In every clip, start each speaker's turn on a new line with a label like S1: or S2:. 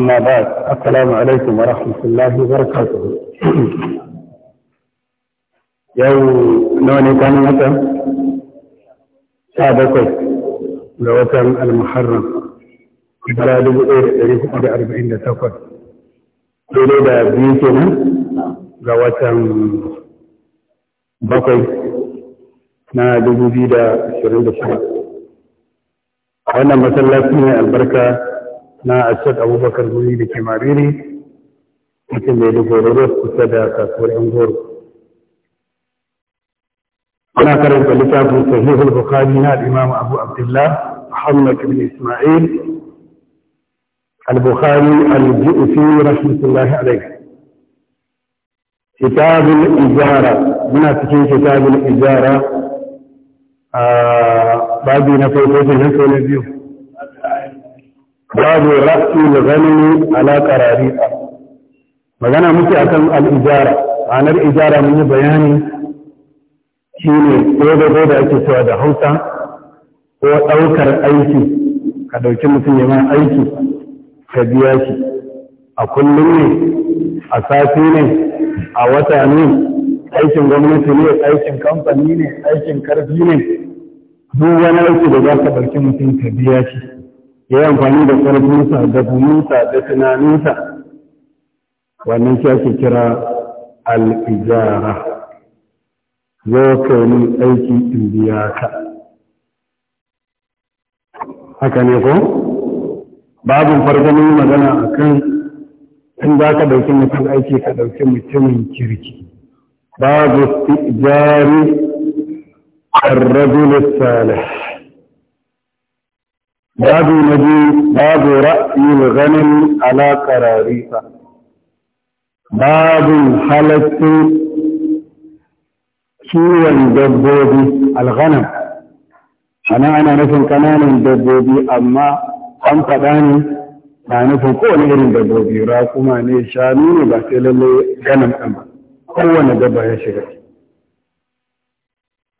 S1: أما بعد السلام عليكم ورحمة الله وبركاته يوم نوني كان متى شابكي لوتم المحرم بلا دبئير إليه قد أربعين لتوقف إليه دا بيكنا لوتم بقي na dubu biyu da ashirin da shida wannan masallaci ne albarka na asad abubakar guri da ke mariri mutum mai da gororo kusa da kasuwar yan goro ana karanta littafin sahihul bukhari na al-imam abu abdullah محمد بن إسماعيل البخاري الجئفي رحمة الله عليه كتاب الإجارة من تكين كتاب الإجارة آه بعد نفوته نفوه نبيه babu da ghanimi ala a magana muke akan al-ijara Ranar ijara mun yi bayani shine ko da ake cewa da Hausa ko daukar aiki ka dauki mutum ya aiki ka biya shi a kullum ne a safi ne a wata ne aikin gwamnati ne aikin kamfani ne aikin karfi ne duk wani aiki da za ka ɗauki mutum ka biya shi ya yi amfani da ƙarfinsa da buninsa da tunaninsa wannan shi ake kira al'ijara zo ka aiki in ka haka ne ko Babu farko magana a kan in za ka ɗauki mutum aiki ka ɗauki mutumin kirki babu tijari الرجل الصالح babu na biyu babu ra'ayin ganin ala babu halartin kiwon dabbobi alghanam ana ana nufin kananan dabbobi amma an faɗa ne na nufin kowane irin dabbobi kuma ne shanu ne ba sai lalle ganin ɗan ba kowane dabba ya shiga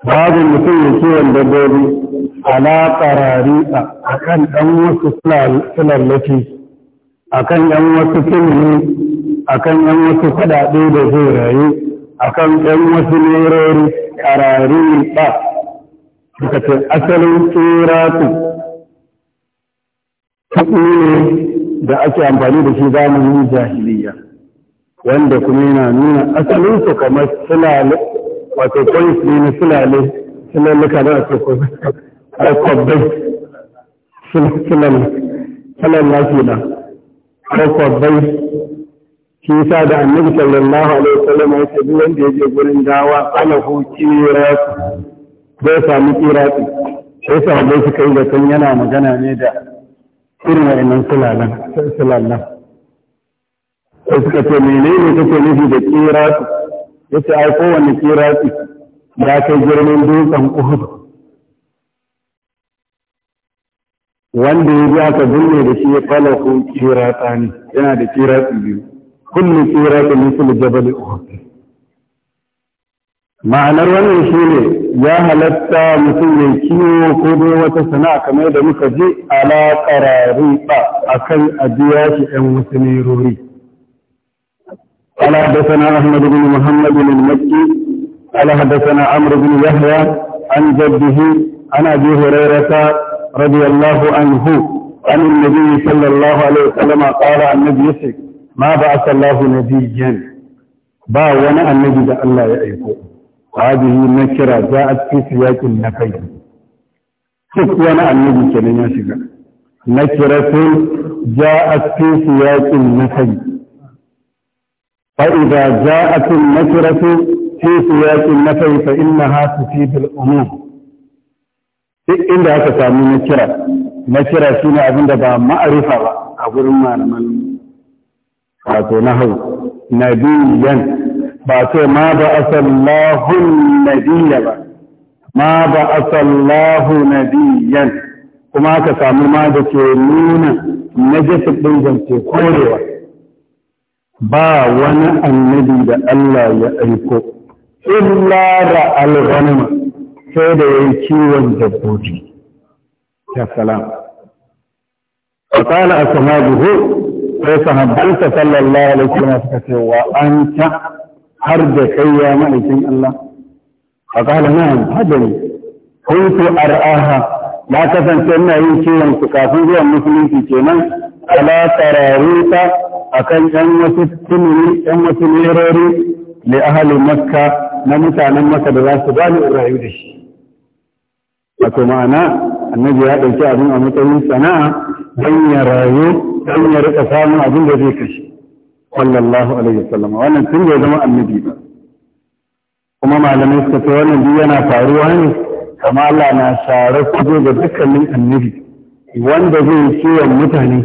S1: babin mutum ya kiwon dabbobi ala karari a kan ɗan wasu filallaki a kan ɗan wasu filmi a kan ɗan wasu kuɗaɗe da zai rayu a kan ɗan wasu lerori karari ba suka ce asalin tsiratu kuɗi ne da ake amfani da shi zamanin jahiliya wanda kuma yana nuna Asalin su kamar wato polis ne na sulale suna nuka na a cikin kwabbai sunan lafi na kwabbai shi sa da annabi sallallahu alaihi wasallam ya ce duk wanda ya je gurin dawa ana hu kiratu zai samu kiratu sai wanda su kai da kan yana magana ne da irin wa'annan sulalan sulalan sai suka ce menene kake nufi da kiratu yace ai kowanne kiraki ya kai girman dutsen Uhud wanda ya biya aka zunne da shi ya kala ko kirata ne yana da kirati biyu kullu kirati mislu jabal Uhud ma'anar wannan shi ne ya halatta mutum ya kiwo ko dai wata sana'a kamar da muka je ala qarariba a ajiya shi ɗan wasu nerori قال حدثنا أحمد بن محمد المكي قال حدثنا عمرو بن يحيى عن جده عن أبي هريرة رضي الله عنه عن النبي صلى الله عليه وسلم قال عن نبي ما بعث الله نبيا با وانا النبي ده الله يأيكو هذه نكرة جاءت في سياق النفي شوف وانا النبي كان يشغل نكرة جاءت في سياق النفي فإذا جاءت النكرة في سياق النفي فإنها تفيد الأمور duk inda aka sami na kira na kira shi abinda ba ma'arifa ba a gurin malaman wato na hau nabiyan ba ce ma ba asallahu nabiya ba ma ba asallahu nabiyan kuma aka samu ma da ke nuna na jasa ɗin zance korewa ba wani annabi da Allah ya aiko illa da alghanima sai da yayi kiwon dabbobi ta salam fa qala asmahu sai sahabbansa sallallahu alaihi wasallam suka ce wa anta har da kai ya ma'aikin Allah fa qala na'am hadani kuntu ar'aha na kasance ina yin kiwon su kafin zuwan musulunci kenan ala tararuta akan ɗan wasu tunani ɗan wasu nerori da ahalin makka na mutanen makka da za su ni rayu da shi wato ma'ana annabi ya ɗauki abin a matsayin sana'a don ya rayu don ya rika samun abin da zai kashe sallallahu alaihi wasallam wannan tun bai zama annabi ba kuma malamai suka ce wannan duk yana faruwa ne Allah na share kuje ga dukkanin annabi wanda zai ciwon mutane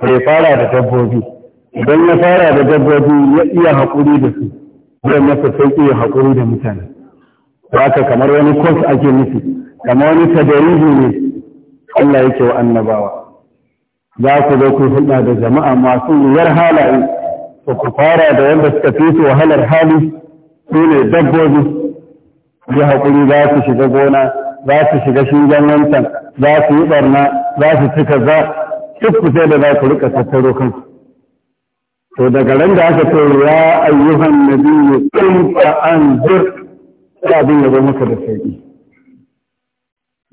S1: bai fara da dabbobi idan ya fara da dabbobi ya iya haƙuri da su zai masa sauƙi ya haƙuri da mutane haka kamar wani kwas ake nufi kamar wani tadarihi ne Allah yake wa annabawa za ku zo ku hulɗa da jama'a masu yiwuwar halaye to ku fara da wanda suka fi su wahalar hali su ne dabbobi ya haƙuri za su shiga gona za su shiga shingen wancan za su yi ɓarna za su cika za duk ku sai da za ku rika tattaro kanku to daga ran da aka ce ya ayyuhan nabiyyu qum fa anzir sai abin ya zo maka da sauki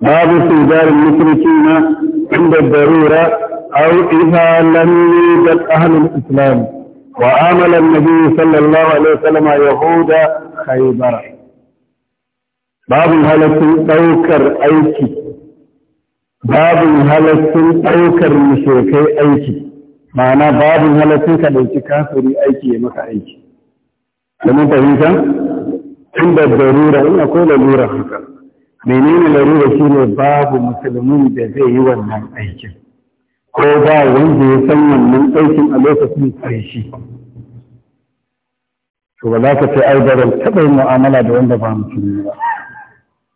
S1: babu su sigar musrikina inda darura aw idha lam yujad ahlul islam wa amala an sallallahu alaihi wasallam yahuda khaybar babu halattun daukar aiki babu halattun daukar mushrikai aiki ma'ana babu halittun ka ɗauki kafiri aiki ya maka aiki domin fahimta tun da darura in akwai larura haka menene larura shi ne babu musulmin da zai yi wannan aikin ko ba wanda ya san wannan aikin a lokacin ƙarshe to ba za ka ce ai taɓa yin mu'amala da wanda ba musulmi ba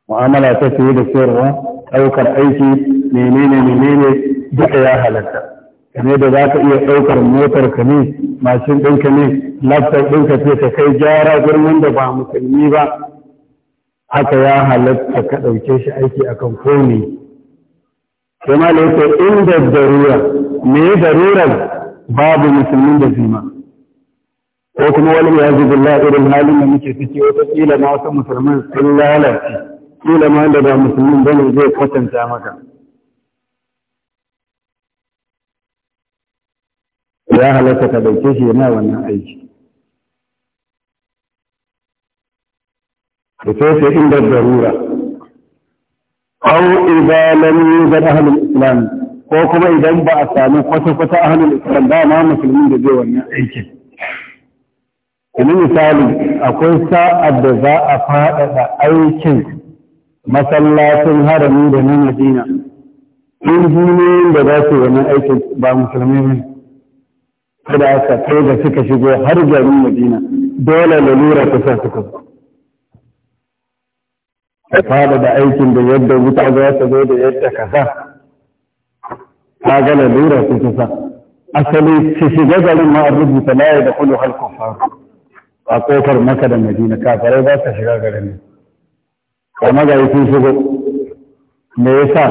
S1: mu'amala ta fiye da sayarwa ɗaukar aiki menene menene duka ya halatta kamar da za ka iya ɗaukar motar ka ne mashin ɗinka ne laptop ɗinka ce ka kai gyara gurin da ba musulmi ba haka ya halatta ka ɗauke shi aiki akan komi kuma da yake inda darura me darurar babu musulmin da zima ko kuma wani ya zubi irin halin da muke ciki wata kila ma wasu musulman sun lalace kila ma da ba musulmin bane zai kwatanta maka ya halatta ka dauke shi yana wannan aiki da sai sai inda darura aw idza lam yuzad ahlul islam ko kuma idan ba a sami kwata-kwata ahlul islam ba ma musulmin da zai wannan aikin Yanzu misali akwai sa'ad da za a faɗaɗa aikin masallacin harami da na Madina, in da za su yi wannan aikin ba musulmi ne. da aka kai da suka shigo har garin madina dole lalura ta sa suka zo ka fada da aikin da yadda wuta za ta zo da yadda ka sa ka ga lalura ta ta sa asali su shiga garin ma rubuta laye da kullu hal kufar a kofar maka da madina kafarai ba su shiga garin ne kuma ga sun shigo me yasa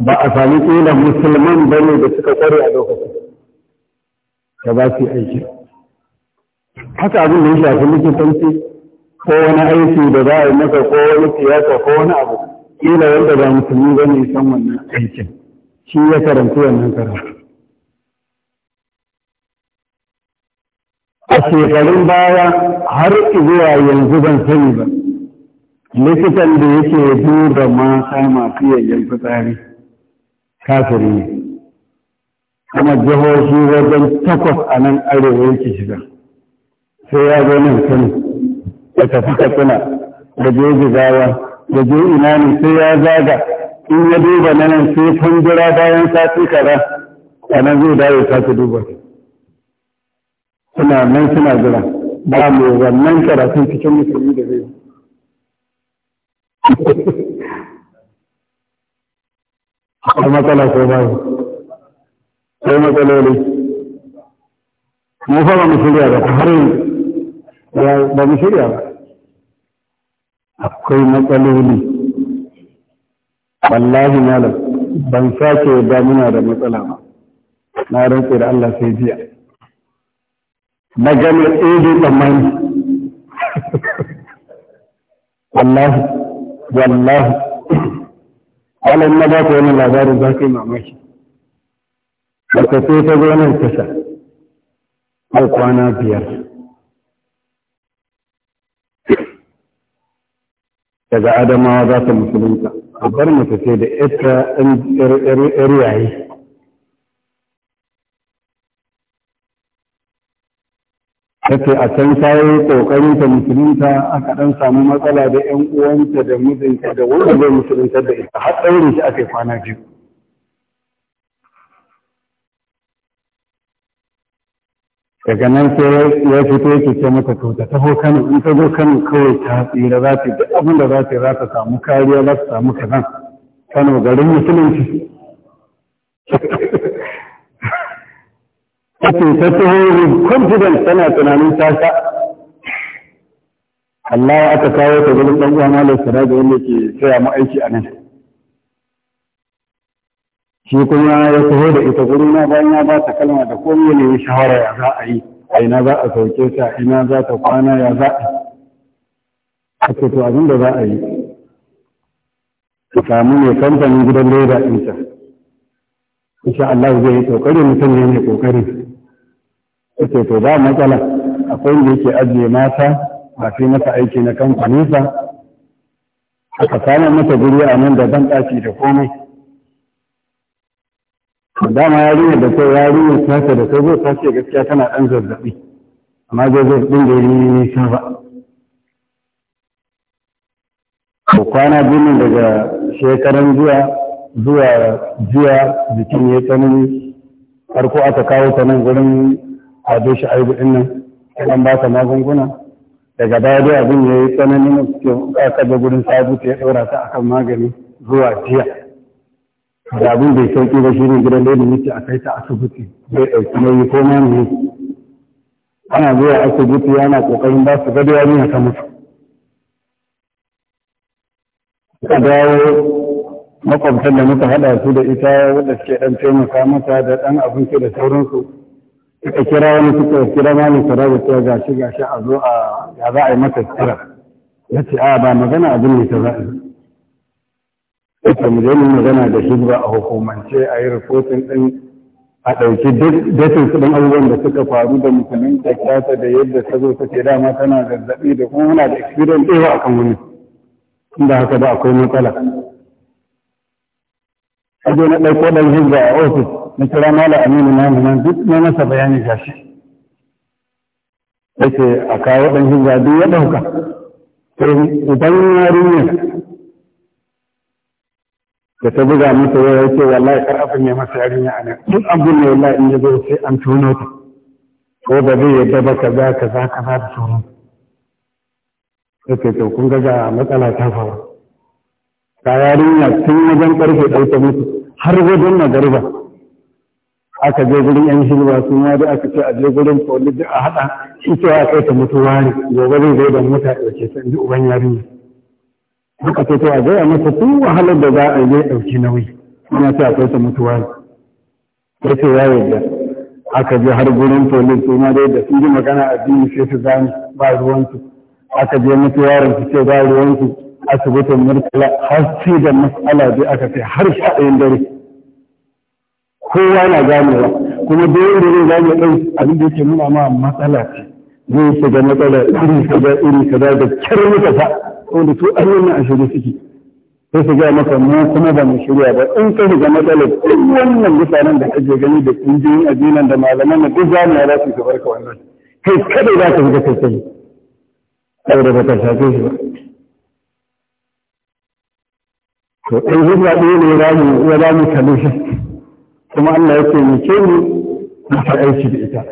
S1: ba a sami kila musulman bane da suka kware a lokacin ka ba ce aiki haka abin da ya shafi likitanci ko wani aiki da za a yi maka ko wani siyasa ko wani abu kila wanda ba musulmi ba ne san wannan aikin shi ya karanta wannan karatu a shekarun baya har zuwa yanzu ban sani ba likitan da yake duba mata masu yayyan fitsari kafiri ne kuma jihohi wajen takwas a nan arewa yake shiga sai ya zo nan kano ya tafi katsina da je jigawa da je ina ne sai ya zaga in ya duba na nan sai kundura bayan sati kara a nan zai dawo sati duba suna nan suna jira ba mu wannan karatun cikin musulmi da zai kuma matsala ko bayan sai matsaloli mu fa ba mu shirya ba har yanzu ba mu shirya ba akwai matsaloli wallahi malam ban sake yadda muna da matsala ba na rantse da Allah sai jiya na gane ɗaya tsammani wallahi wallahi wala na ba ta wani labarin za ka yi mamaki Wata sai ta zo nan tasha, ko kwana biyar. Daga Adamawa za ta musulunta, a bar mata sai da ita ‘yar yayi. ce a can kayo ƙoƙarin ta musulunta aka ɗan samu matsala da yan uwanta da mijinta da wanda zai musulunta da ita har ɗaure shi aka kwana biyu daga nan sai ya fito yake ce mata to ta taho kano in ta zo kano kawai ta tsira za ta duk abin da za ta za ta samu kariya za ta samu kazan kano garin musulunci kace ta taho confidence tana tunanin ta sha Allah aka kawo ta gurin dan uwa malam da wanda ke saya mu aiki a nan shi kuma ya taho da ita guri na bayan ya ba ta kalma da komai ne ya shawara ya za a yi a ina za a sauke ta ina za ta kwana ya za a ake to abin da za a yi ta samu mai kamfanin gidan leda ɗinta insha Allah zai yi kokari mutum ne mai kokari ake to ba matsala akwai da yake ajiye mata ba sai masa aiki na kamfaninsa aka samu masa guri a nan da ban ɗaki da komai dama yarinyar da kai yarinyar tasa da kai zai tashi gaskiya tana ɗan zazzaɓi amma zai zai ɗin da yi nisa ba ko kwana biyu daga shekaran jiya zuwa jiya jikin ya tsanani farko aka kawo ta nan gurin ado shi aibu ɗin nan kuma ba ta magunguna daga baya dai abin ya yi tsanani suke aka ga gurin sabu ta ya ɗaura ta akan magani zuwa jiya da abin bai sauki ba ne gidan da mutu a kai ta asibiti zai ɗauki nauyi ko koma ne ana zuwa asibiti yana ƙoƙarin ba su gado yarinya ta mutu ka dawo makwabtan da muka haɗa su da ita wadda suke ɗan taimaka mata da ɗan abinci da sauransu suka kira wani suka kira malam sarabu ta gashi gashi a zo a ya za a yi mata tsira ya ce a ba magana abin ne ta za a yi ita mu zai mu magana da shi ba a hukumance a yi rikotin ɗin a ɗauki datin su ɗin abubuwan da suka faru da ta kyakkyata da yadda ta zo ta dama tana zazzaɓi da kuma muna da experience ɗewa a kan wani inda haka da akwai matsala. Ajo na ɗauko ɗan hizba a ofis na kira mala aminu na nan duk na masa bayani gashi. Yake a kawo ɗan hizba duk ya ɗauka. Sai uban yarinya da ta buga masa waya ya ce wallahi kar afin ya masa yarinya a nan duk abin ne wallahi in ya zo sai an tono ta ko ba zai yadda ba ka za ka za ka za da sauran sai to kun ga matsala ta faru ta yarinya tun wajen karfe ɗauka ta mutu har wajen magariba aka je gurin yan shirwa sun ma da aka ce a je gurin da a haɗa ita ya kai ta mutuwa ne gobe zai zo da mota ɗauke ta ubangiji. duka ce to a masa tun wahalar da za a yi ɗauki nauyi. Ina ce akwai ta mutuwa ne. Ya ce ya yarda. Aka je har gurin polis su ma dai da sun ji magana a biyu sai su gane ba ruwansu. Aka je mutu yaron su ce ba ruwansu. Asibitin Murtala har ce da matsala dai aka kai har sha ɗayan dare. Kowa na ganewa kuma da yau zai gane ɗan abin da yake nuna ma matsala ce. Zai shiga matsala iri kaza iri kaza da kyar muka sa. wanda to an wannan a shirye suke sai su gaya maka mu kuma ba mu shirya ba in ka shiga matsalar duk wannan mutanen da kake gani da kungiyoyin addinan da malaman da duk zamu ya su gabar ka wannan kai kada za ka shiga kai kai da ba ka shafe shi ba to in hijira dole ne ya za mu kalle shi kuma Allah ya ce mu ce mu mu aiki da ita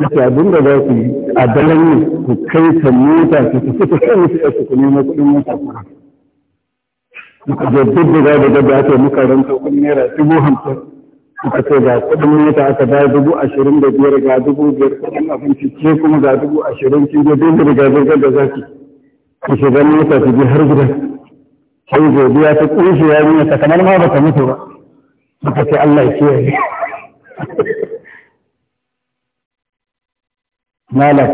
S1: Yake abin da za su yi a daren ne ku kai ta mota su su fita kan su yasu ku nemo kuɗin mota ku Muka je duk da gaba da gaba ake muka ranta kuɗin naira dubu hamsin. Muka ce ga kuɗin mota aka ba dubu ashirin da biyar ga dubu biyar kuɗin abinci ke kuma ga dubu ashirin kin je duk da gaba da za ki. Ku shiga mota su je har gida. Sai godiya ta ƙunshi ya yarinya ta kamar ma ba ta mutu ba. Muka ce Allah ya kiyaye. malam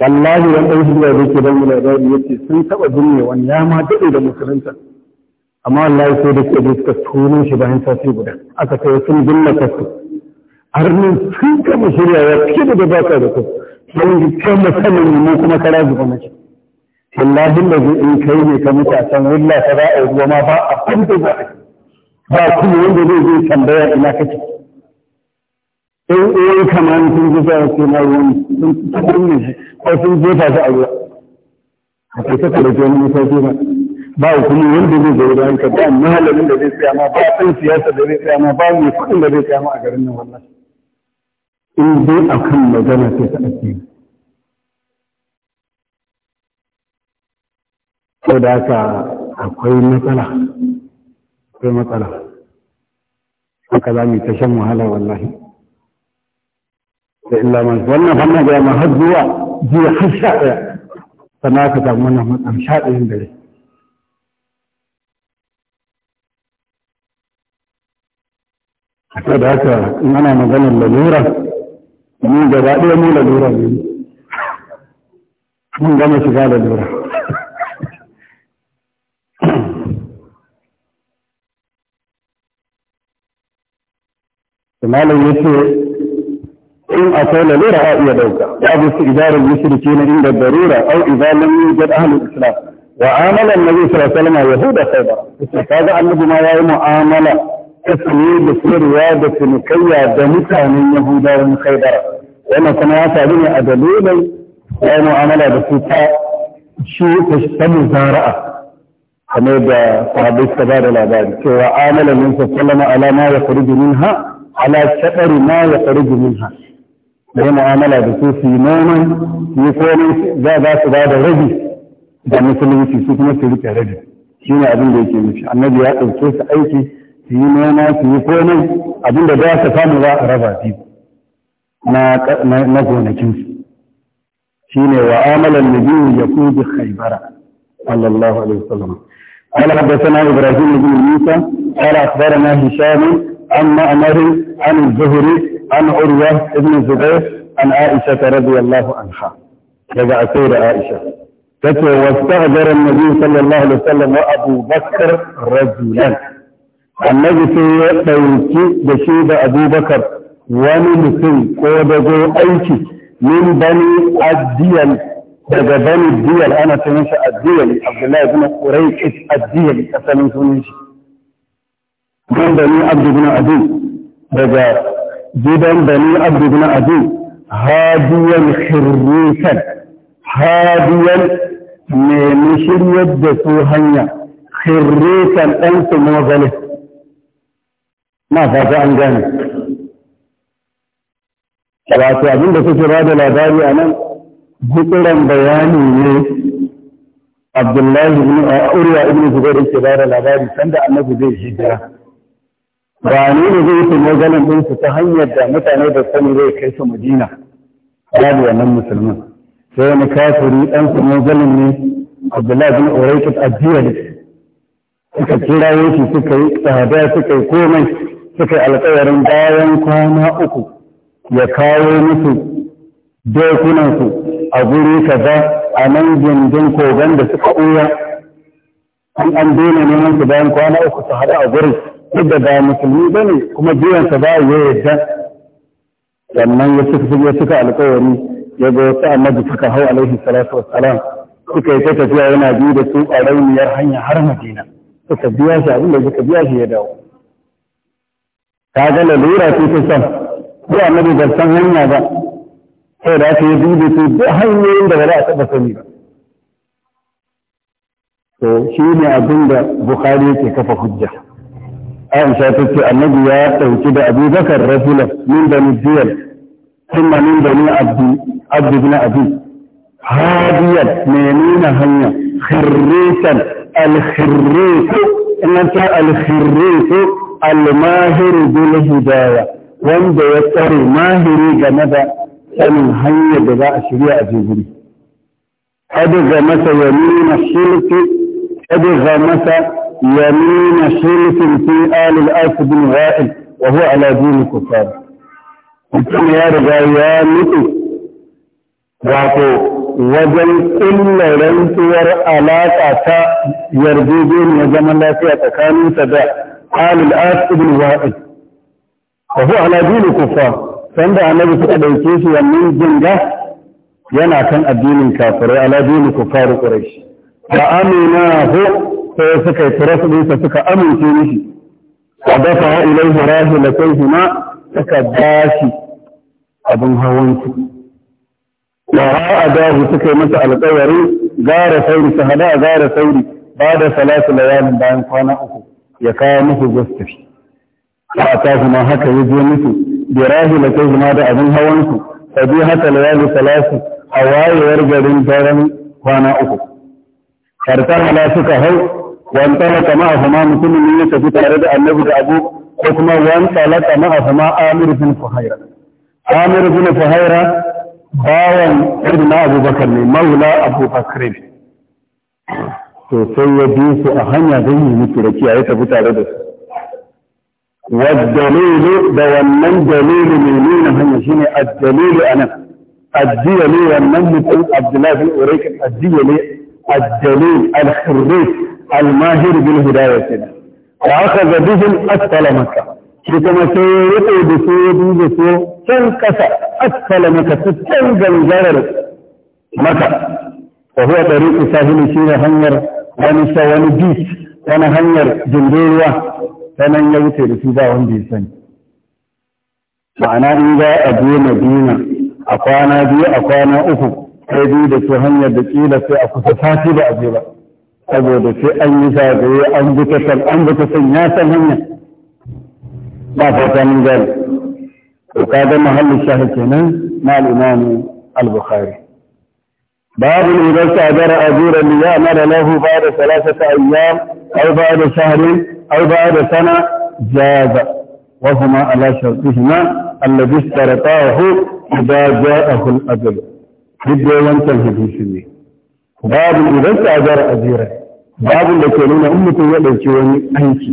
S1: wallahi wani ɗan hijira da ke don labari ya ce sun taɓa binne wani ya ma dade da musulunta amma wallahi sai da ke suka tono shi bayan sati guda aka kai sun binne kasu har arnin sun kama shirya ya fi da ba ka da ku sai ji kai musamman mu kuma kara zuba mace wallahi da zai in kai ne ka mutu a can willa ta za a yi ruwa ma ba a kunta za a ba kuma wanda zai zai tambaya ina kake kamar sun ji su na sun ko sun jefa su a a kai saka da jini musa ce ba ba hukumi wanda zai zai da ba da zai tsaya ma ba ɗan siyasa da zai tsaya ba mai da zai tsaya a garin nan wannan in dai a magana sai ta ake ko da haka akwai matsala akwai matsala haka za mu yi ta shan wahala wallahi illa man wannan fannin ga ma har zuwa jiya har sha ɗaya sannan aka samu wannan matsan sha ɗayan dare saboda haka in ana maganar lalura mun gaba ɗaya mu lalura ne mun gama shiga lalura malam ya ce إن أطول لرأي دوك تعبس إدارة المشركين عند الضرورة أو إذا لم يوجد أهل الإسلام وآمل النبي صلى الله عليه وسلم يهود خيبرا هذا أنه ما يوم آمل تسليل في ريادة مكيا دمتا من يهودا من خيبرا وما سمعت أبني أدليل يوم آمل بسيطة شيء تشتم زارة حميد صحابي السبار العباد وآمل النبي صلى الله عليه وسلم على ما يخرج منها على شعر ما يخرج منها da ya mu'amala da su su yi noman yi komai za za su ba da rabi da musulunci su kuma su rike rabi shi ne abin da yake nufi annabi ya ɗauke su aiki su yi noma su yi komai abin da za su samu za a raba biyu na gonakinsu shi ne wa amalan nabiyu ya kuji khaibara sallallahu alaihi wasallam قال حدثنا ابراهيم بن موسى قال اخبرنا هشام عن معمر عن الزهري عن عروة ابن الزبير عن عائشة رضي الله عنها رجع سير عائشة تتوى واستغجر النبي صلى الله عليه وسلم وأبو بكر رجلا النبي سيئة بيوتي بشيد أبو بكر ومن سي قوض ذو من بني الديل بدا بني الديل أنا تنشى الديل عبد الله بن قريش الديل أسلم تنشى من بني عبد بن عدي بدا جدًا بني عبد بن عزيز هادياً خريفاً هادياً ممشر يد سوهنيا خريفاً أنت موظلت ما فاز عن جانب فلاتح عزيزاً بسيش راد العذابي أنا جدًا بياني عبد الله بن أوريا ابن زبير الكبار العذابي سند أنه بيه هجرة ba ne ne zai yi maganin ɗinsu ta hanyar da mutane da sani zai kai su madina babu wannan musulman. sai wani kafiri ɗan su maganin ne abdullahi bin uraikit addiyali suka kira shi suka yi tsada suka yi komai suka yi alkawarin bayan kwana uku ya kawo musu dokunansu a guri kaza a nan gindin kogon da suka ɓuya an an daina neman su bayan kwana uku su haɗu a gurin da ba musulmi ba ne kuma biyansa ba ya yadda sannan ya suka ya suka alƙawari ya ga wasu annabi suka hau alaihi salatu wassalam suka yi ta tafiya yana biyu da su a rauniyar hanya har madina suka biya shi abin da suka biya shi ya dawo ta ga lalura ce ta san ko annabi bai san hanya ba sai da aka yi biyu da su duk hanyoyin da ba za a taɓa sani ba to shi ne abin da Bukhari yake kafa hujja عائشة تتي أن يا تهجد أبي بكر رسولة من بني الزيال ثم من بني عبد عبد بن أبي هادية مينين هنيا خريسا الخريس إنك الخريس الماهر بالهداية وانده يتري ماهري جمدا سنو هنيا بباء شريع جزري أدغ مسا يمين الشرك أدغ مسا يمين حلف في آل الأسد بن غائب وهو على دين الكفار وكان يا رجعيان واتو وجن إلا لن تور على تأتى يرجوزين وجم الله في أتكان تدع آل الأسد بن غائب وهو على دين الكفار فاندع النبي صلى الله عليه وسلم يمين جنجة ينعكن الدين الكافر على دين الكفار قريش فأمناه sai suka yi turafinsa suka amince mishi a dafa wa ilaihi rahi da kai hima suka bashi abin hawansu da a dahu suka yi masa alƙawari gara sauri su hada gara sauri ba da salatu layalin bayan kwana uku ya kawo musu gustafi a ta kuma haka ya je musu da rahi da kai hima da abin hawansu sabi haka layalin salatu a wayewar garin daren kwana uku. karta hala suka hau wani talaka ma ma'ahuma mutumin ne ya tafi tare da annabi da abu ko kuma wani talaka ma ma'ahuma amir bin fuhaira amir bin fuhaira bawan irna abubakar ne maula abubakar ne to sai ya bi su a hanya don yi mutu rakiya ya tafi tare da su والدليل da wannan dalilu دليل nuna hanya shine ad-dalil anan ad-dalil wannan mutum Abdullah bin Urayk ad-dalil ad-dalil al-khirrit almahir bil hidayah kenan wa akhadha bihim asfala maka. shi kuma sai ya rike da su ya duba su can kasa asfala makkah su can gangarar makkah wa huwa tariqu sahili shi ne hanyar wani sa wani beach wani hanyar jindoruwa ta nan ya wuce da su ba wanda ya sani ma'ana in za a je madina a kwana biyu a kwana uku sai biyu da su hanyar da kila sai a kusa sati da a je ba saboda sai an yi zagaye an bi san an bi san ya san hanya ba fata mun gani to mahallin shahid kenan na al-imam al-bukhari باب إذا استأجر أجورا ليعمل له بعد ثلاثة أيام أو بعد شهر أو بعد سنة جاز وهما على شرطهما الذي اشترطاه إذا جاءه الأجل بدي وانت الهدي babu idan ta ajiyar ajiyar babu da ke nuna in mutum ya ɗauki wani aiki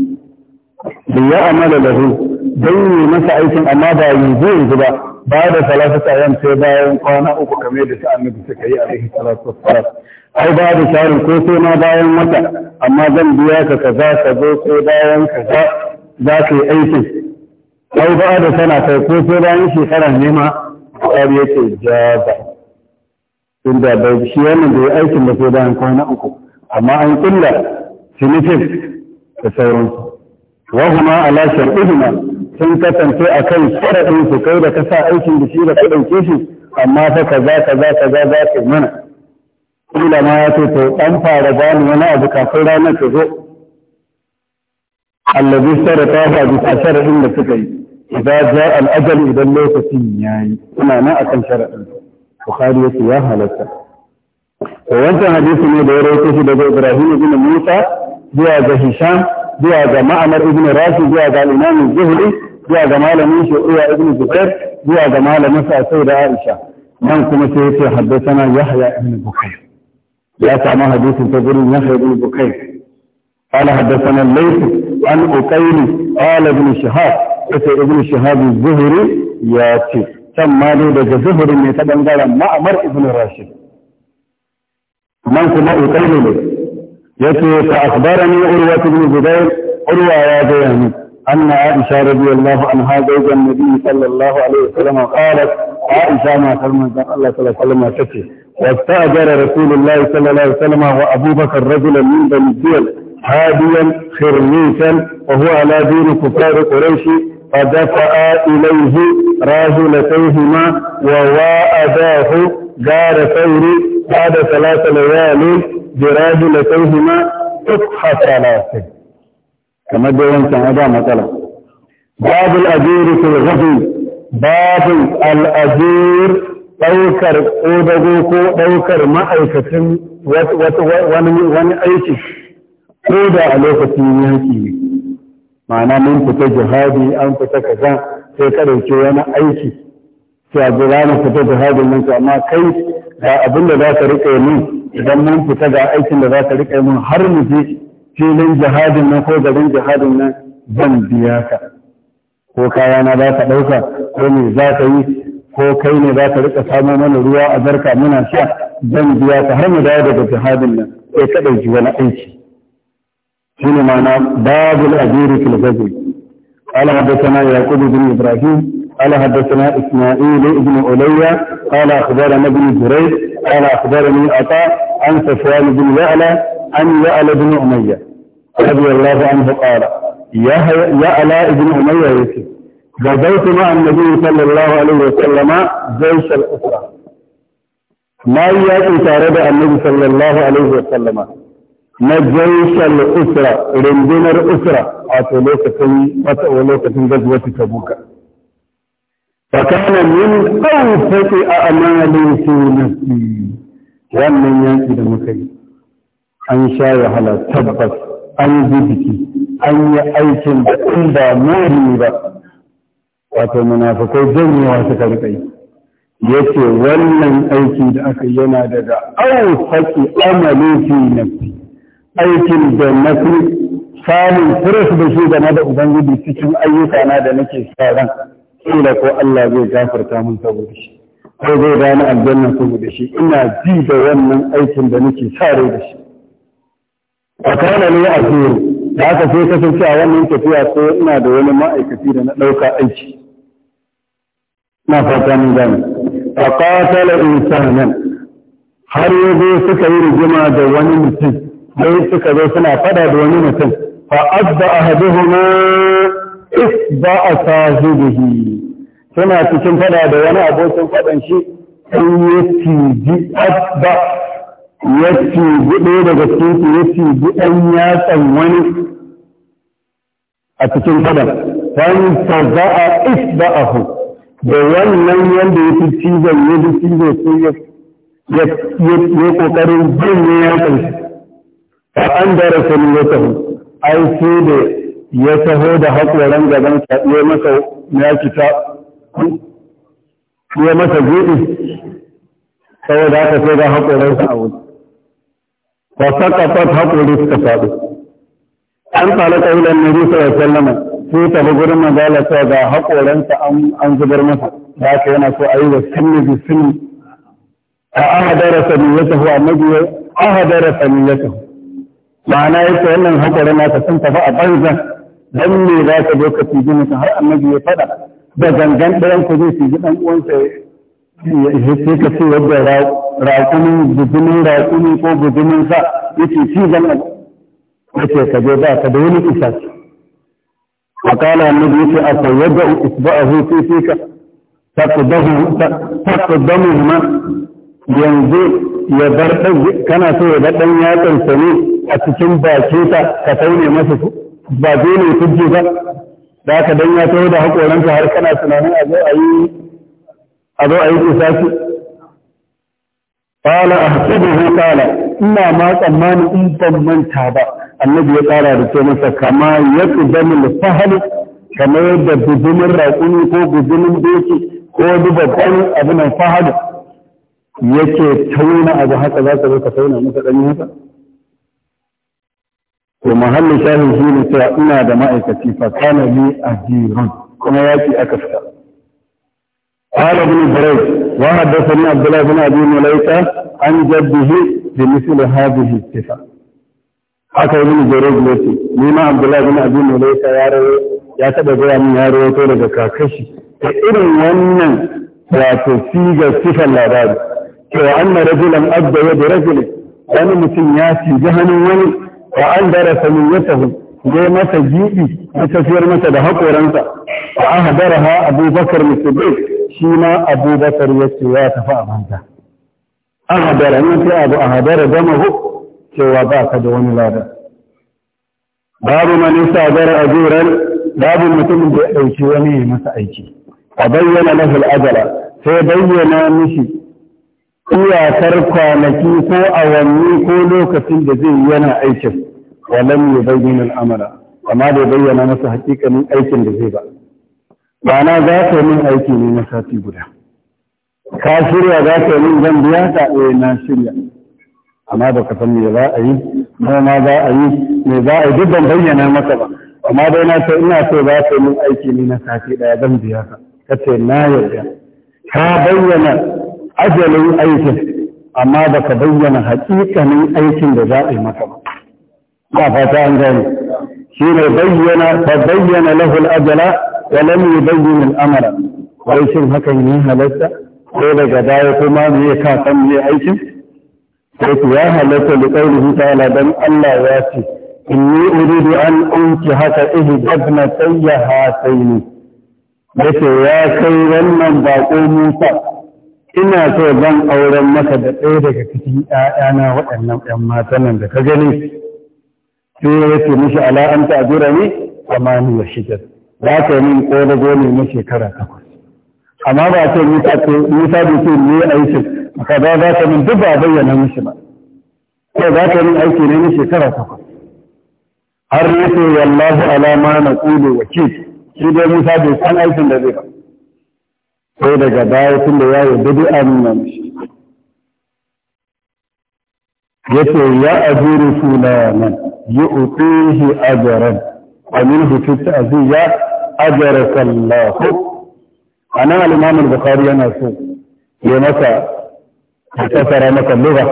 S1: da ya amala da hu don yi masa aikin amma ba yanzu yanzu ba ba da salatu tsayan sai bayan kwana uku kame da ta annabi suka yi alaihi salatu wassalam ai ba da sharin ko sai ma bayan wata amma zan biya ka kaza ka zo sai bayan kaza za ka yi aikin ai ba da sana kai ko sai bayan shekara nema ƙwari ce jaza inda bai shi wannan da ya aikin da sai bayan kwana uku amma an kulla
S2: sinitin da sauransu wahuma ala shar'ihima sun kasance a kan sharaɗin su
S1: kai da ka sa aikin da shi da ka ɗauke shi amma fa kaza kaza kaza za ka mana kila ma ya ce to ɗan fara bani wani abu kafin ranar ka zo allazi sharata fa bi sharaɗin da suka yi idan ja al idan ya yayi suna nan akan sharaɗin bukhari yace ya halatta to wancan hadisi ne da ya rawaito shi daga ibrahim ibn musa zuwa ga hisham zuwa ga ma'amar ibn Rashid, zuwa ga imam zuhri zuwa ga malamin shi'a ibn zubair zuwa ga malamin sa da aisha nan kuma sai yace haddathana yahya ibn bukayr ya samu hadisin ta gurin yahya ibn bukayr قال حدثنا الليث عن أقيل قال ابن شهاب ابن شهاب الزهري ياتي can ma ne daga zuhurin ne ta ɓangaren ma'amar ibn rashid man kuma ukaimu ne ya ce ta akbara ne urwa ta ibn أن عائشة رضي الله عنها زوج النبي صلى الله عليه وسلم قالت عائشة ما كلمة الله صلى الله عليه وسلم تكي واستأجر رسول الله صلى الله عليه وسلم وأبو بكر رجلا من بني الدول هاديا خرميسا وهو على دين كفار قريش فدفع إليه راجلتيهما وواءداه دار ثور بعد ثلاث ليال براجلتيهما فقه ثلاثة كما جاءت هذا مثلا باب الأجير في الغفل باب الأجير ɗaukar ƙodago ko ɗaukar ma'aikacin wani aiki ko da a lokacin yanki ne ma'ana mun fita jihadi an fita kaza sai ka dauke wani aiki sai a jira mu fita jihadin nan amma kai ga abin da za ka rika min idan mun fita ga aikin da za ka rika min har mu je filin jihadin nan ko garin jihadin nan zan biya ka ko kaya na za ka ɗauka ko me za ka yi ko kai ne za ka rika samo mana ruwa a zarka muna sha zan biya ka har mu dawo daga jihadin nan sai ka wani aiki هنا معنى باب الأجير في الغزل قال حدثنا يعقوب بن إبراهيم قال حدثنا إسماعيل بن علي قال أخبرنا ابن جريج قال أخبرني عطاء عن سفيان بن يعلى عن يعلى بن أمية رضي الله عنه قال يعلى بن أمية يوسف غزوت مع النبي صلى الله عليه وسلم جيش الأسرة ما يأتي تارد النبي صلى الله عليه وسلم na jaishal usra rundunar usra wato lokacin wata lokacin gazuwar tabuka fakana min awfati a'mali fi nafsi wannan yanki da muka yi an sha wahala tabbas an ji biki an yi aikin da in ba mori ba wato munafikai janyewa suka rika yi yace wannan aiki da aka yana daga awfati amali fi nafsi aikin da na fi samun fures da shi game da ubangiji cikin ayyuka na da nake sa ran kila ko Allah zai gafarta mun saboda shi ko zai gani aljanna saboda shi ina ji da wannan aikin da nake sa rai da shi a kana ne a da aka sai kasance a wannan tafiya ko ina da wani ma'aikaci da na ɗauka aiki na fata mun gane a ƙatala insanan har yanzu suka yi rigima da wani mutum dai suka zo suna fada da wani mutum fa azba ahaduhuma isba sahibihi suna cikin fada da wani abokin fadan shi sai ya tiji azba ya tiji daga cikin ya tiji ɗan yatsan wani a cikin fadan fan taza'a ahu da wannan yanda ya fi cizon ya fi cizon sai ya ƙoƙarin jin ne فأنذر سريته أي سيد يتهود حق ورنجا بانك يومك من الكتاب يومك جيئ فهو ذاك سيد حق ورنجا أول فسقطت حق ورنجا كتابه أن قال قول النبي صلى الله عليه وسلم في تبقر ما قال سيد حق ورنجا أنزبر مسا ذاك ينسو أي وسن بسن أهدر سريته أمجي أهدر سريته ma'ana yake wannan haƙorin naka sun tafi a banza don me za ka zo ka tiji mutum har annabi ya faɗa da gangan ɗayan ku zai tiji ɗan uwansa sai ka ce wadda raƙumin bujumin raƙumi ko bujumin sa yake cizon abu
S2: yake ka je ba ka da
S1: wani isa ce وقال النبي يقول أفيدأ إصبعه في فيك تقدمهما yanzu ya bar ɗan kana so ya bar ɗan yatsan sani a cikin bakin ta ka taune masa su
S2: ba dole ku ji ba da ka dan ya tawo da hakoran har kana tunanin a
S1: zo a yi a zo a yi kisasi qala ahsibuhu qala ina ma tsammanin in ban manta ba annabi ya tsara da ce masa kama yaqdamu al-fahl kamar yadda bijimin raƙumi ko bijimin doki ko wani babban abin fahadu yake tauna abu haka za ka zo ka tauna masa ɗan haka to mahallin shahin shi ne cewa ina da ma'aikaci fa kana a ajirun kuma yaki aka fita قال ابن بريد وحدثني عبد الله بن ابي مليكه عن جده بمثل هذه الصفه haka ibn jarir ya ce ni ma abdullahi bin abi mulaika ya rawo ya taba gaya min ya rawo daga kakashi da irin wannan wato sigar sifan labari cewa anna rajulan abda yad rajul wani mutum ya ci hannun wani wa an dara samiyatahu ya masa jibi? ya tafiyar masa da haƙoransa wa an hadara ha abubakar musulmi shi ma abubakar ya ce ya tafi a banza an hadara ne sai abu a hadara dama cewa ba ka da wani lada babu man a ajuran babu mutumin da ya ɗauki wani ya masa aiki a bayyana lahu al sai bayyana mishi iyakar kwanaki ko awanni ko lokacin da zai yi yana aikin walam ya bayyana al'amara amma da bayyana masa hakikanin aikin da zai ba na za ka yi min aiki ne na sati guda ka shirya za ka yi min zan biya ka eh na shirya amma ba ka san me za a yi ma za a yi me za a yi duk ban bayyana masa ba amma dai na ce ina so za ka yi min aiki ne na sati daya zan biya ka ce na yarda ka bayyana ajalin aikin amma ba ka bayyana hakikanin aikin da za a yi maka ba
S2: ba fata an gani shi ne
S1: bayyana ba bayyana lahul ajala wa lam yubayyin al'amala wai shin hakan ne halatta ko daga baya kuma me ya ka san me aikin sai ya halatta da qaulihi ta'ala dan Allah ya ce inni uridu an unki haka ihdabna tayyahatayni yace ya kai wannan baƙo Musa ina so zan auren maka da ɗaya daga cikin ‘ya'yana waɗannan ‘yan nan da ka gani sai ya ce mishi ala'anta a jura ne samani ya shigar
S2: za ka yi
S1: ƙodago ne na shekara takwas amma ba ce nisa nisa da ce ne aiki a za za ka min duk ba bayyana mishi ba ko za ka yi aiki ne na shekara takwas har ya ce wallahu alama na ƙule ke, shi dai nisa da san aikin da zai ba sai daga baya tun da ya yi bid'an nan yace ya ajiru fulanan yu'tihi ajran wa minhu fi ta'ziya ajraka Allah anan al-Imam al-Bukhari yana so ya maka ya tsara maka lugha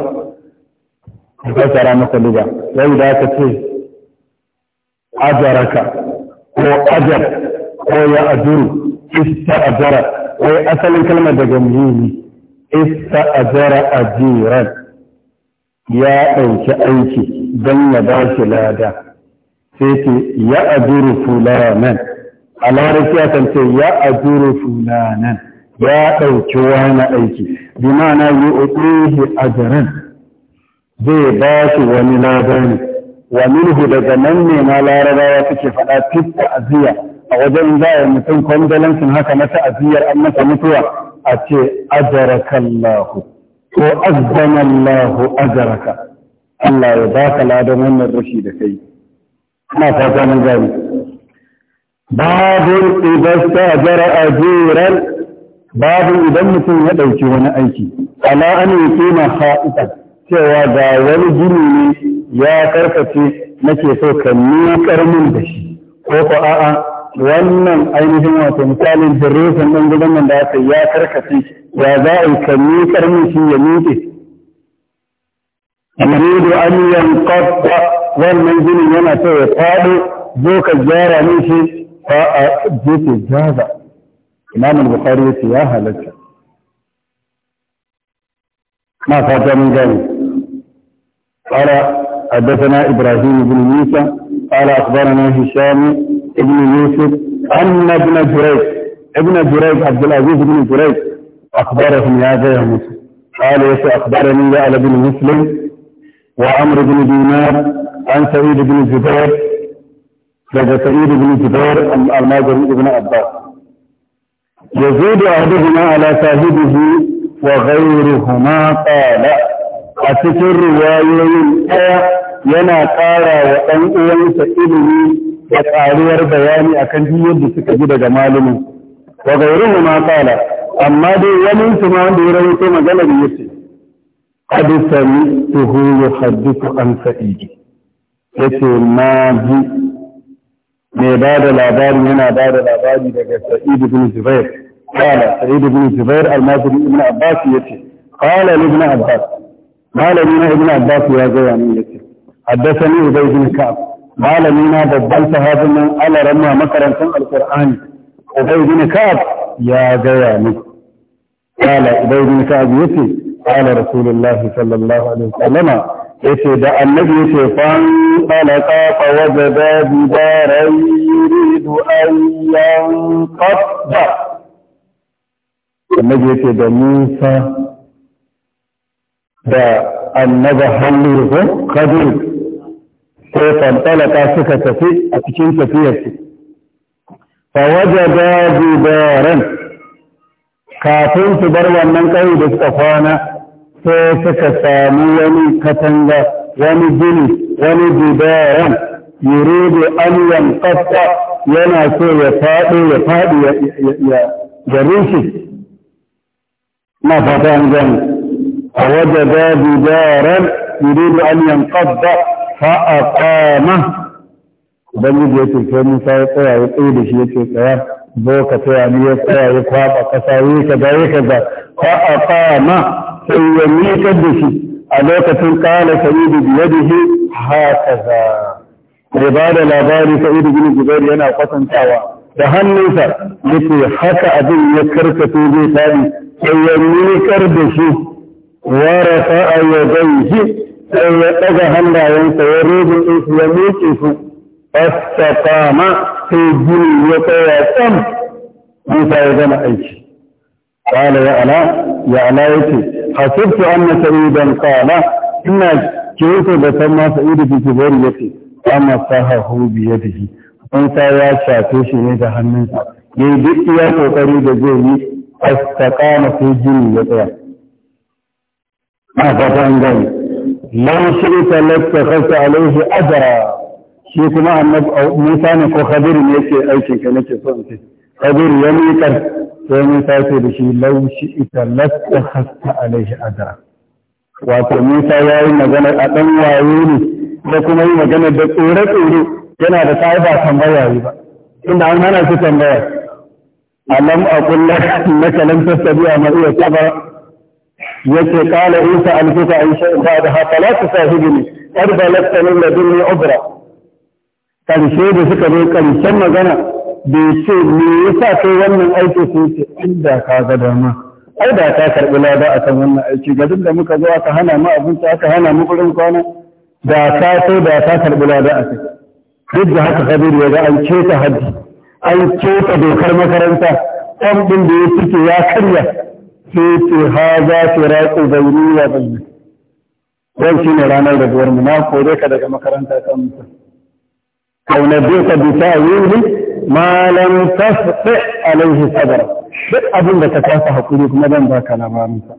S1: ya tsara maka lugha yayin da aka ce ajaraka ko ajar ko ya ajiru ista'jara wai asalin kalmar daga a ista a jiran ya ɗauki aiki don ya ba shi lada sai ce ya ajuru fulanan a larabci ya kan ce ya ajuru fulanan ya ɗauki wani aiki bi mana yi a jiran zai ba shi wani lada ne wani minhu daga nan ne ma larabawa suke faɗa a aziya a wajen zaya mutum kwambalansin haka na ta'aziyar an masa mutuwa a ce ajarakallahu ko azzamallahu ajaraka Allah ya baka ladan wannan rashi da kai ina fata mun gani babu idan ta jara ajiran babu idan mutum ya dauki wani aiki ala an yakuna ha'ita cewa ga wani gini ne ya karkace nake so ka miƙar min da shi ko ko a'a wannan ainihin wato misalin jirgin ɗan gidan nan da aka ya karkace ya za a yi ka miƙar min shi ya miƙe yuridu an yanqadda wannan ginin yana so ya faɗo zo ka gyara min shi fa a jefe jaza imam al-bukhari yace ya halatta ma fata mun gani قال حدثنا ابراهيم بن موسى قال اخبرنا هشام ابن يوسف أن ابن جريج ابن جريج عبد العزيز بن جريج أخبرهم هذا يا موسى قال يسوع أخبرني يعلى بن مسلم وعمر بن دينار عن سعيد بن جبير لدى سعيد بن جبير الماجري بن عباس يزيد أحدهما على صاحبه وغيرهما قال أتكر روايين أيا yana ƙara wa ɗan da ƙaruwar bayani akan duk yadda suka ji daga malumin wa gairuhu ma qala amma dai wani su ma wanda ya rawaito maganar yace qad sami'tuhu yuhaddithu an sa'idi
S2: yace na
S1: ji mai ba da labarin yana ba da labari daga sa'id ibn zubair qala sa'id ibn zubair al-masri ibn abbas yace qala ibn abbas malami na ibn abbas ya ga yani yace haddathani ubay ibn ka'ab malami na babban sahabin nan alaran ma makarantar alkur'ani ubay bin ka'ab ya gaya ni kala ubay bin ka'ab yace kala rasulullahi sallallahu alaihi wasallam yace da annabi yace fan khalaqa fa wajada bidaran yuridu an yanqadda annabi yace da Musa da annaba haliru kadir ko fantalaka suka tafi a cikin tafiyarsu fawajada dubaran kafin su bar wannan ƙauye da suka kwana sai suka sami wani katanga wani gini wani dubaran yuridu an yanqata yana so ya faɗi ya faɗi ya garinshi na fata an gani a wajada dubaran yuridu an yanqata فأقامه ubangiji ya ce musa ya tsaya ya tsaye da shi ya ce tsaya zo ka tsaya ni ya tsaya ya kwaba ƙasa ya ka ga ya ka ga fa a sai ya miƙar da shi a lokacin ƙala kala da shi haka za mai ba da labari da bin gudari yana kwatantawa da hannunsa ce haka abin ya karkato zai tabi sai ya miƙar da shi wa rafa'a shi? sai ya ɗaga hannayensa ya rubin ɗinsu ya miƙe su fastaqama sai gini ya tsaya tsam Musa ya gama aiki qala ya ala ya ala yace hasibtu anna sa'idan qala ina kiyota da san ma sa'idu bi jibari yace amma sahahu bi yadihi Musa ya shafe shi ne da hannunsa yayi duk iya kokari da zai yi fastaqama sai gini ya tsaya a gaban gani lau shi ita latta kasta alaihi ajara shi kuma annabi musa ne ko khadir ne yake aikin ka nake so in ce
S2: khadir ya miƙar
S1: sai musa ce da shi lau shi ita latta kasta alaihi ajara wato musa ya yi magana a ɗan waye ne da kuma yi magana da tsore-tsore yana da ta ba tambaya yi ba inda an hana shi tambaya alam a kullum na kalam tattabi a mariya sabara yake kala in sa'altuka an shay'in ba'daha fala tusahibni qad balagta min ladunni ubra karshe da suka zo karshen magana bai ce me yasa kai wannan aiki sai ce inda ka ga dama ai da ta karbi lada kan wannan aiki ga da muka zo aka hana mu abinci aka hana mu gurin kwana da ta sai da ta karbi lada a kai duk da haka kabiru ya ga an keta haddi an keta dokar makaranta ɗan ɗin da ya suke ya karya sai ce ha za su raƙo baini wa baini yau shi ne ranar zuwar mu na kore ka daga makaranta ta musa kaunabe ka bisa wuri ma lam tasfi alaihi sabra shi abin da ka kasa hakuri kuma zan baka labarin sa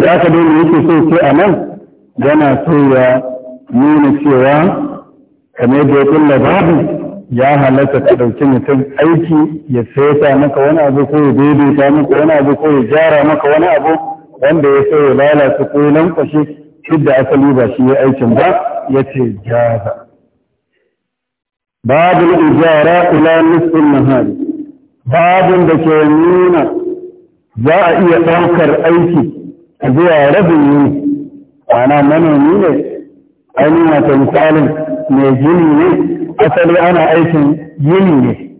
S1: da yi yake so ce a nan yana so ya nuna cewa kamar da ya kulla babu ya halatta ka ɗauki mutum aiki ya saita maka wani abu ko ya daidaita maka wani abu ko ya gyara maka wani abu wanda ya so ya lalata ko ya lankwashe duk da asali ba shi ya aikin ba ya ce Babu babul ijara ila nisfin nahari babin da ke nuna za a iya ɗaukar aiki a zuwa rabin yini ana manomi ne ainihin wata misalin mai gini ne asali ana aikin yini ne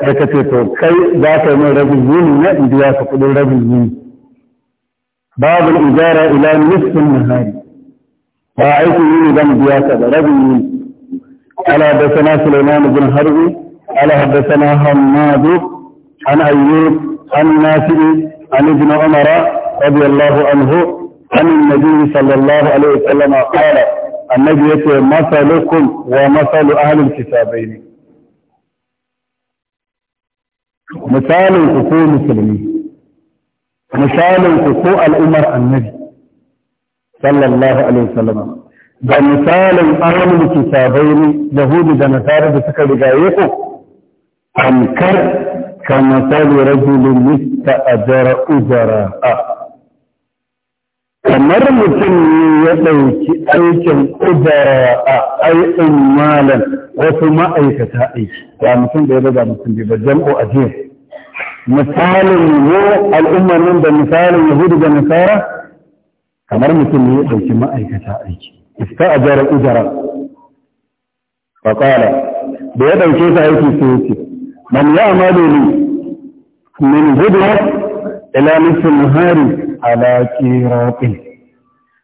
S1: sai ka ce to kai za ka yi rabin yini na in biya ka kudin rabin yini babu ijara ila nisfin nahari ba aikin yini zan biya ka da rabin yini ala haddasana Sulaiman bin Harbi ala haddasana Hammadu an Ayyub an Nafi an Ibn Umar radiyallahu anhu an النبي صلى الله عليه وسلم قال annabi yace masalukum wa masalu ahlul kitabaini misalin ku ko musulmi misalin ku ko al'ummar annabi sallallahu alaihi wasallam da misalin ahlul kitabaini yahudi da nasara da suka rigaye ku kar kama sali rajulun mista ajara ujara a kamar mutum ne ya ɗauki aikin ƙudara a aikin malam wasu ma'aikata aiki ba mutum da ya daga mutum bai ba jam'o a jiya misalin ne al'ummar nan da misalin yahudu da nasara kamar mutum ne ya ɗauki ma'aikata aiki iska a ujara ba faƙala da ya ɗauke ta aiki sai yake ce man ya amalo ne min hudu ila nufin hari ala ƙiraƙi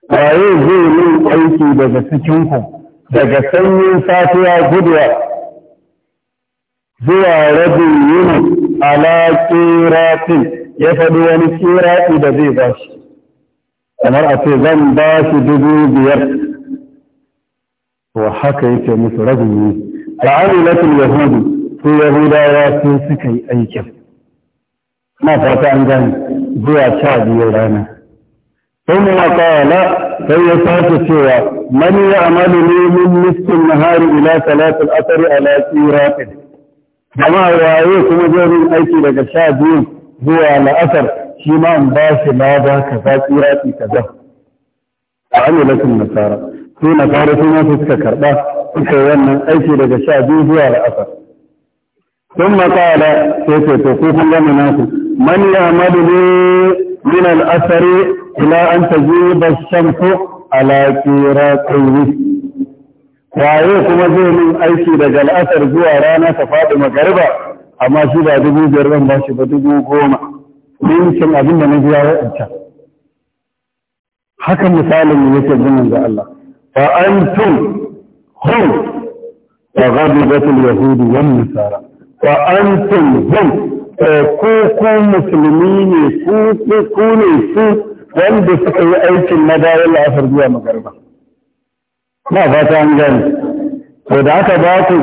S1: waye zai min aiki daga cikin ku? daga sanyin safiya gudwa zuwa rabin yini ala kirafi. ya faɗi wani kirafi da zai ba shi kamar a ce zan ba shi dubu biyar Wa haka yake musu rabin yini fa'amilatul yahudu su yahudawa sun suka yi aikin na fata an gani zuwa sha biyu rana sun ma kawala sai ya sace cewa mani ya amalu ne min niskin nahari ila talatul asari ala tsiratin amma waye kuma zai yi aiki daga sha biyu zuwa la'asar shi ma in ba shi lada kaza tsirati kaza a amilatin nasara sai nasara sun ma suka karɓa suka yi wannan aiki daga sha biyu zuwa la'asar sun ma kawala sai ce to ko kun gama naku من يعمل من الأثر إلى أن تزيد الشمس على كيراته waye kuma zai min aiki daga al'asar zuwa rana ta faɗi magariba amma shi ba dubu biyar ban ba ba dubu goma
S2: yankin abin da
S1: na biya wa'ancan haka misalin yake jinin da Allah fa antum hum wa ghadibatul yahudi wan nasara fa antum hum Eh, ku ku musulmi ne ku ku ne su wanda suka yi aikin na bayan la'afar zuwa magarba na ta an gani to da aka ba ku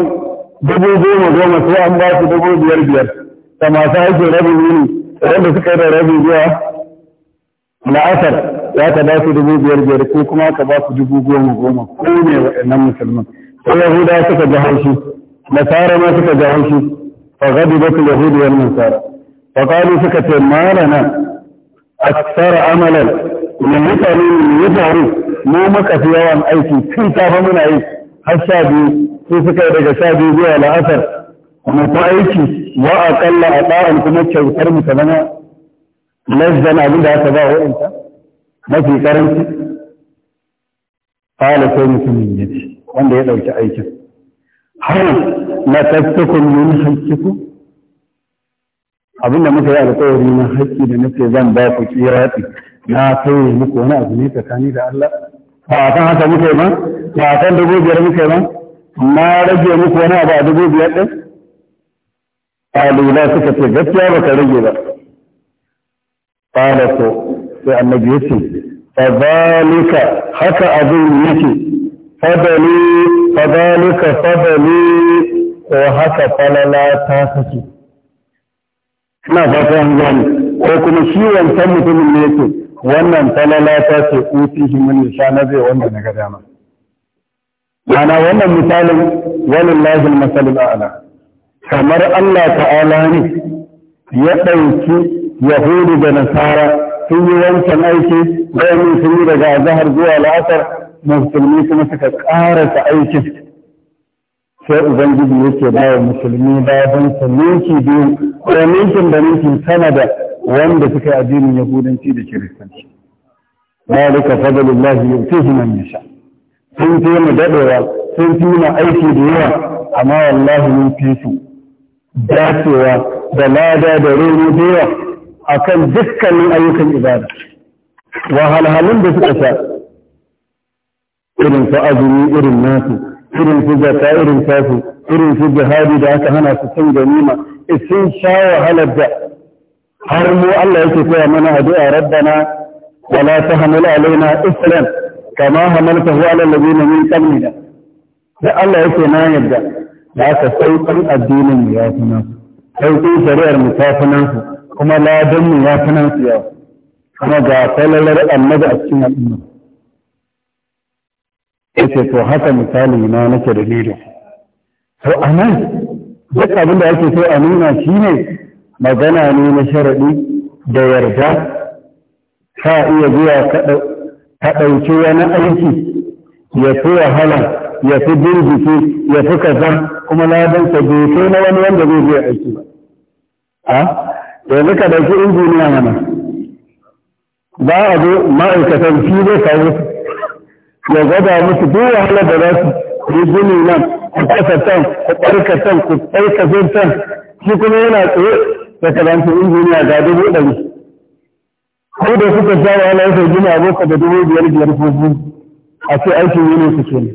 S1: dubu goma goma sai an ba ku dubu biyar biyar da masu aikin rabi yini wanda suka yi da rabin zuwa la'afar? ya ka ba su dubu biyar biyar ko kuma ka ba su dubu goma goma ko ne musulmi? musulman sai yahudawa suka ji haushi nasara ma suka ji haushi فغضبت اليهود والنصارى فقالوا سكت ما لنا أكثر عملا من يتعلم يتعرف ما مكا في يوان أيكي كي تابا من أيك هالشابي في سكت رجا شابي بي على أثر ومتا أيكي وأقل أطاعا كما تشوكر متبنى لزنا عبدا تباه أنت ما في كرنسي قال سيمة من يدي وانده يدعوك أيكي hau na tattakon min haƙƙiku abinda muka yi alkawari na hakki da nake zan ba ku kirati na kai muku wani abu ne tsakani da Allah ba a kan haka muka yi ba ba a kan dubu biyar muka yi ba na rage muku wani abu a dubu biyar ɗin ƙalula suka ce gaskiya ba ka rage ba ƙala ko sai annabi ya ce fa haka abin yake fadali fadalika fadali ko haka falala ta kake ina fata an gani ko kuma shi wancan mutumin ne yake wannan falala ta ce shi mun sha na zai wanda na dama ana wannan misalin walillahi al-masalul a'la kamar Allah ta'ala ne ya ɗauki yahudu da nasara sun yi wancan aiki bayan sun yi daga azahar zuwa la'asar musulmi kuma suka ƙarasa aikin sai ubangiji yake ba wa musulmi bayan sa ninki biyu ko ninkin da ninkin sama da wanda suka yi addinin yahudanci da kiristanci malika fadlullahi yutihi man yasha sun fi mu dadewa sun fi mu aiki da yawa amma wallahi mun fi su dacewa da lada da rero da yawa akan dukkanin ayyukan ibada wahalhalun da suka sha irin su azumi irin nasu irin su zakka irin tasu irin su jihadi da aka hana su cin ganima sun sha wahalar da har mu Allah yake koya mana addu'a rabbana wala tahmil alaina isran kama hamaltahu ala alladhina min qablina da Allah yake na yadda da aka sauƙin addinin mu ya fi nan sauƙin shari'ar mu ta fi nan kuma ladan mu ya fi nan su yawa kuma ga falalar annabi a cikin al'umma yake to haka misali na nake da ni to anan duk abin da ake so a nuna shine magana ne na sharadi da yarda ka iya zuwa ka ɗauki wani aiki ya fi wahala ya fi birgike ya fi kaza kuma ka bai sai na wani wanda zai zai aiki ba a yanzu ka ɗauki injiniya mana ba a zo ma'aikatan shi zai kawo ya gwada musu duk wahala da za su yi gini nan ku kasa can ku ɓarka can ku ɓarka can shi kuma yana tsaye da karanta injiniya ga dubu ɗari ko da suka sha wahala ya sai gina abokan da dubu biyar biyar ko biyu a ce aikin yi ne su ce ne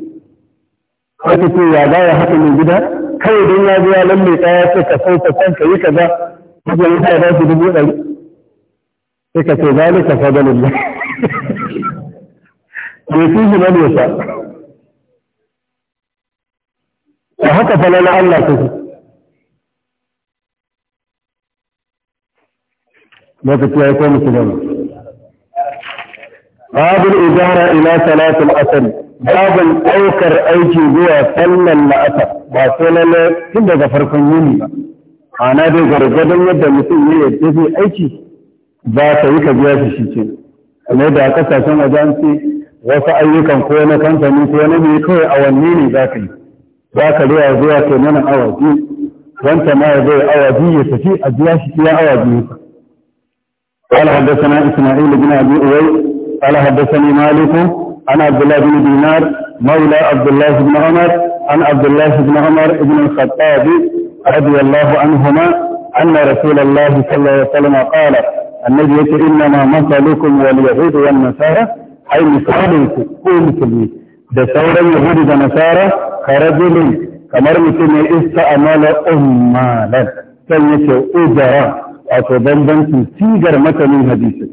S1: wata ce ya gaya haka mai gida kawai don ya biya lalle ɗaya ce ka sauka can ka yi kaza kuma ya ba su dubu ɗari sai ka ce zalika fadalillah bai fi shi bane sa haka fa Allah ta su lokaci ya kai musu gama babul ijara ila salatul asr babul ɗaukar aiki zuwa sallan la'asar ba sai lalle tun daga farkon yini ba ana yadda mutum ya zai aiki za yi ka biya shi shi ce kamar da kasashen wajen ce wasu ayyukan ko na kamfani ko na mai kawai awanni ne za ka yi za ka zuwa zuwa ke mana awa biyu wanta ma zai awa biyu ya tafi a jiya shi iya awa biyu قال حدثنا إسماعيل بن أبي أويس قال حدثني مالك عن عبد الله بن دينار مولى عبد الله بن عمر عن عبد الله بن عمر بن الخطاب رضي الله عنهما أن رسول الله صلى الله عليه وسلم قال النبي إنما مثلكم واليهود والنصارى ai misalin ku ko musulmi da sauran yahudu da nasara karajulin kamar mutum ya iska amala ummalan san yake ujara wato bambancin sigar matanin hadisi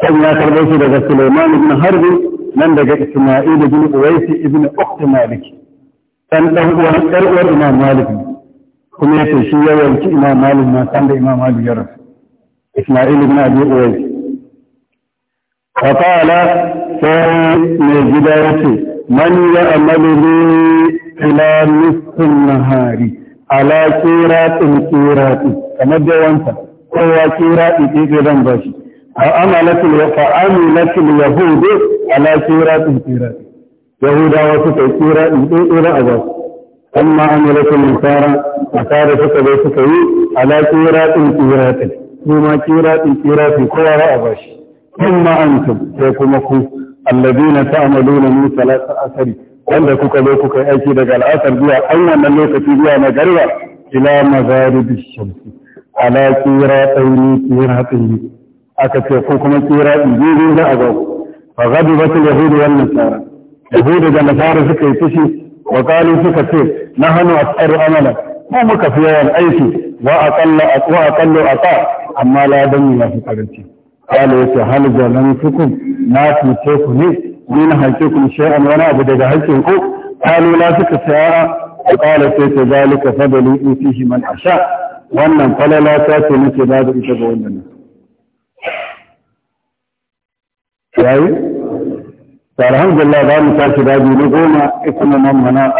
S1: san ya karɓo shi daga Suleiman ibn Harbi nan daga Isma'il ibn Uwaisi ibn Ukht Malik san dan uwan dan uwan Imam Malik kuma yake shi yawanci Imam Malik ma san da Imam Malik ya rasu Isma'il ibn Abi Uwaisi faƙala sai mai gida ya ce man ya amalu ne ila nisfin nahari ala kiratin kiratin kamar da wanta kowa kirati ɗiɗi zan ba shi a amalatul ya fa'amilatul yahudu ala kiratin kiratin yahudawa suka yi kiratin ɗiɗi a ba su amma amalatul nasara nasara suka zo suka yi ala kiratin kiratin kuma kiratin kiratin kowa za a ba shi imma antum sai kuma ku alladina ta'maluna min salati asari wanda kuka zo kuka yi aiki daga al'asar zuwa an wannan lokaci zuwa magariba ila magharibi shamsi ala kira tsaini kira tsaini aka ce ko kuma kira biyu za a ga fa ghadibatul yahud wal nasara yahud da nasara suka yi fushi wa qalu suka ce na nahnu asar amala ko muka fi yawan aiki wa aqalla aqwa aqallu aqa amma la dan ya fi karanci kala yace hal zalantukum na tuce ku ne min hakikum shay'an wani abu daga hakkin ku kalu la suka sa'a kala sai ta zalika fadlu utihi man asha wannan falala ta ce nake ba da ita ga wannan yayi alhamdulillah za mu tashi daji na goma ismu man mana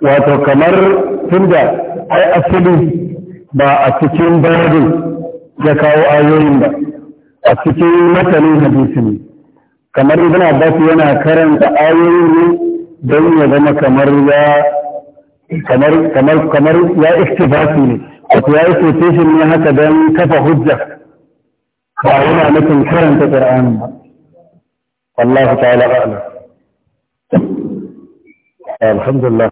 S1: wato kamar tunda ai asali ba a cikin babin ya kawo ayoyin ba a cikin matanin hadisi ne kamar ibn abbas yana karanta ayoyin ne don ya zama kamar ya kamar kamar kamar ya istifasi ne wato ya yi ne haka don kafa hujja ba yana nufin karanta qur'ani ba wallahu ta'ala a'lam alhamdulillah